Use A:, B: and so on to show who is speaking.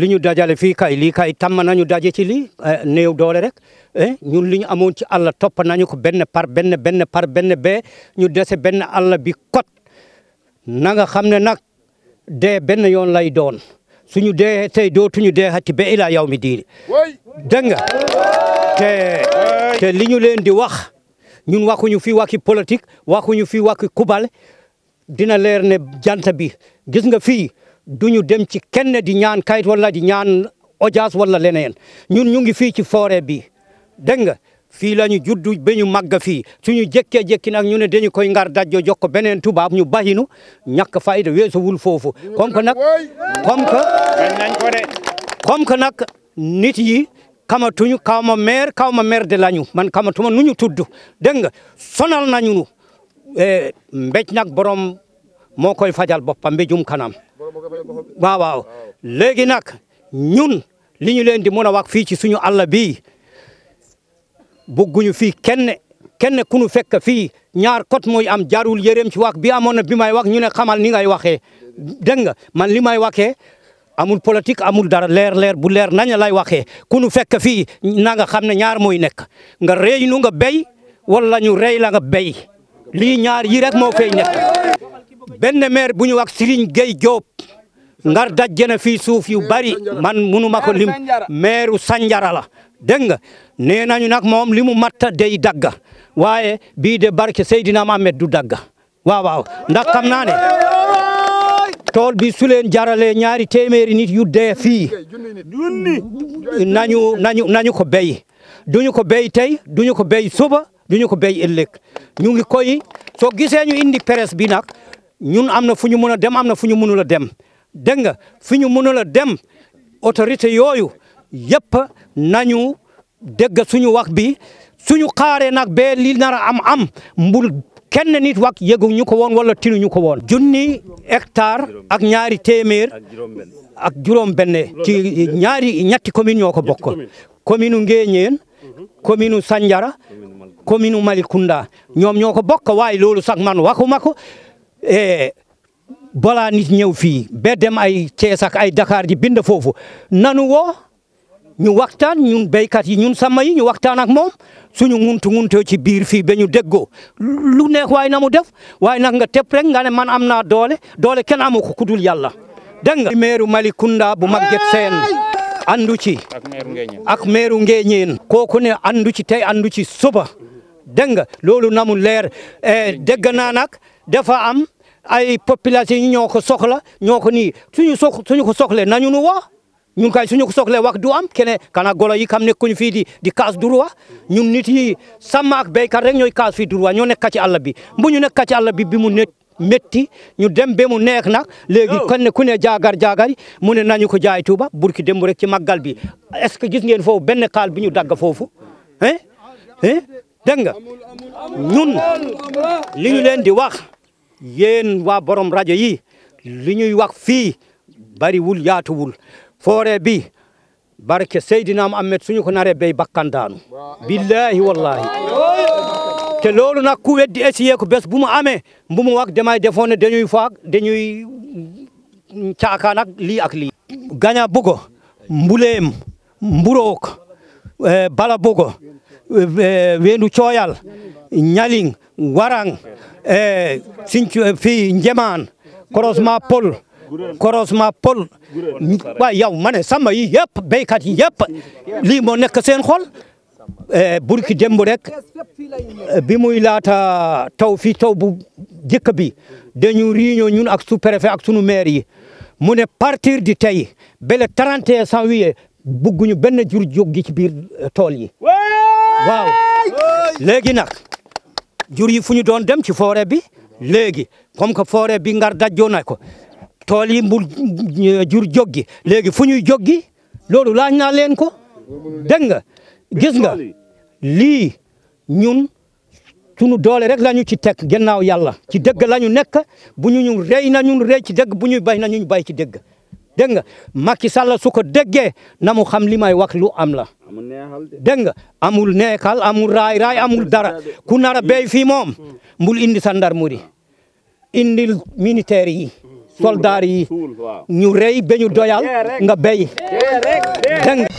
A: li ñu dajale fii kay lii kay tàmm nañu daje ci lii eh, néew doole rek eh, ñun li ñu amoon ci àll topp nañu ko benn par benn benn par benn bee ñu dese benn àll bi kot na nga xam ne nag dee benn yoon lay doon suñu dee tey dootuñu dee hatti ba ilaa yow mi diiri dégg nga te li ñu leen di wax ñun waxuñu fi waxi politique waxuñu fi waxi kubal dina leer ne jant bi gis nga fii duñu dem ci kenn di ñaan kayit wala di ñaan audience wala leneen ñun ñu ngi fii ci forêt bi dégg nga fii la ñu juddu ba ñu màgg fii suñu jékkee jékki nag ñu ne dañu koy ngar dajjo jox ko beneen tubaab ñu bahinu ñàkk fayda weesuwul foofu comme que nag comme que comme que nag nit yi kamatuñu kaw ma maire kaw ma maire de lañu man kamatuma nu ñu tudd dégg nga sonal nañu nu eh, mbéj nag borom moo koy fajal boppam mbejum kanam waaw waaw léegi nag ñun li ñu leen di mën a wax fii ci suñu àll bii bëgguñu fii kenn kenn ku ñu fekk fii ñaar kot mooy am jaarul yéreem ci wax bi amoon na bi may wax ñu ne xamal ni ngay waxee dégg nga man li may waxee amul politique amul dara leer leer bu leer nañ lay waxee ku ñu fekk fii nanga nga xam ne ñaar mooy nekk nga rëy nu nga béy wala ñu rëy la nga béy lii ñaar yi rek moo fay nekk benn maire bu ñu wax Serigne Gueye Diop ngar dajje na fii suuf yu bari man munu ma ko lim meeru sanjara la dégg nga nee nañu nag moom li mu matta day dagga waaye bii de barke Seydina Mohamed du dagga waaw waaw ndax xam naa ne tool bi su leen jaralee ñaari téeméeri nit yu dee fii nañu nañu nañu ko béy duñu ko béy tey duñu ko béy suba duñu ko béy ëllëg ñu ngi koy soo gisee ñu indi peres bi nag ñun am na fu ñu mën a dem am na fu ñu mënul a dem dégg nga fi mënul a dem autorité yooyu yëpp nañu dégg suñu wax bi suñu xaaree nag bee li nar a am am mbul kenn nit wak yëgu ñu ko woon wala tinu ñu ko woon junni hectare ak ñaari téeméer ak juróom benn ci ñaari ñetti commune ñoo ko bokk commune Nguéniène commune Sandiara commune Malicounda ñoom ñoo ko bokk waaye loolu sax man waxuma ko eh, balaa nit ñëw fii ba dem ay ceesak ay Dakar di bind foofu nanu woo ñu waxtaan ñun béykat yi ñun sàmm ñu waxtaan ak moom suñu muntu muntu ci biir fii ba ñu déggoo lu neex waaye na mu def waaye nag nga tëb rek nga ne man am naa doole doole kenn amu ko kudul yàlla dégg nga. meeru Malicounda bu Maguette Sène andu ci. ak meeru Ngéeñeen. kooku ne andu ci tey andu ci suba dégg nga loolu na leer eh, dégg naa nag am. ay population yi ñoo ko soxla ñoo ko nii suñu sox suñu ko nañu nu woo ñun kay suñu ko soxlee wax du am kene kana golo yi kam nekkuñu fii di di kaas droit ñun nit yi sàmm ak béykat rek ñooy kaas fii droit ñoo nekk ci àll bi bu ñu nekk bi bi mu nekk métti ñu dem ba mu neex nag léegi kon ne ku ne jaagar mu ne nañu ko jaay Tuuba burki dem rek ci màggal bi est que gis ngeen foofu benn kaal bi ñu dagg foofu hein ñun li leen di wax yéen waa borom rajo yi li ñuy wax fii bariwul yaatuwul forêt bi barke Seydina Muhammad suñu ko naree béy bakkan daanu billahi wallahi te loolu nag ku weddi essayé ko bés bu mu amee bu mu wax damay defoon ne dañuy faag dañuy caakaan ak lii ak lii gaña bugo mbuleem mburook eh, bala bugo weenu cooyal ñaling warang e sincu fi njeman croisement pôle croisement pôle waay yow ma ne sama yi yëpp béykat yi yëpp lii moo nekk seen xol e, burki démb rek bi muy laata taw fii taw bu jëkk bi dañu riiñoo ñun ak sous-préfet ak sunu maire yi mu ne partir di tey ba le 31 janvier bugguñu benn jur jóg ci biir tool yi waaw léegi nag jur yi fu ñu doon dem ci forêt bi léegi comme que forêt bi ngar dajjoo na ko tool yi mbul jur joggi léegi fu ñuy joggi loolu laaj naa leen ko dégg nga gis nga lii ñun sunu doole rek la ñu ci teg gannaaw yàlla ci dëgg la ñu nekk bu ñu ñu rey na ñun rey ci dëgg bu ñuy bay na ñu bay ci dëgg dégg nga Macky Sall su ko déggee na mu xam li may wax lu am la dégg nga amul neexal amul raay raay amul dara ku nar a béy fii moom mbul indi sandarmeri indil militaire yi soldaar yi ñu rey ba doyal nga béy dégg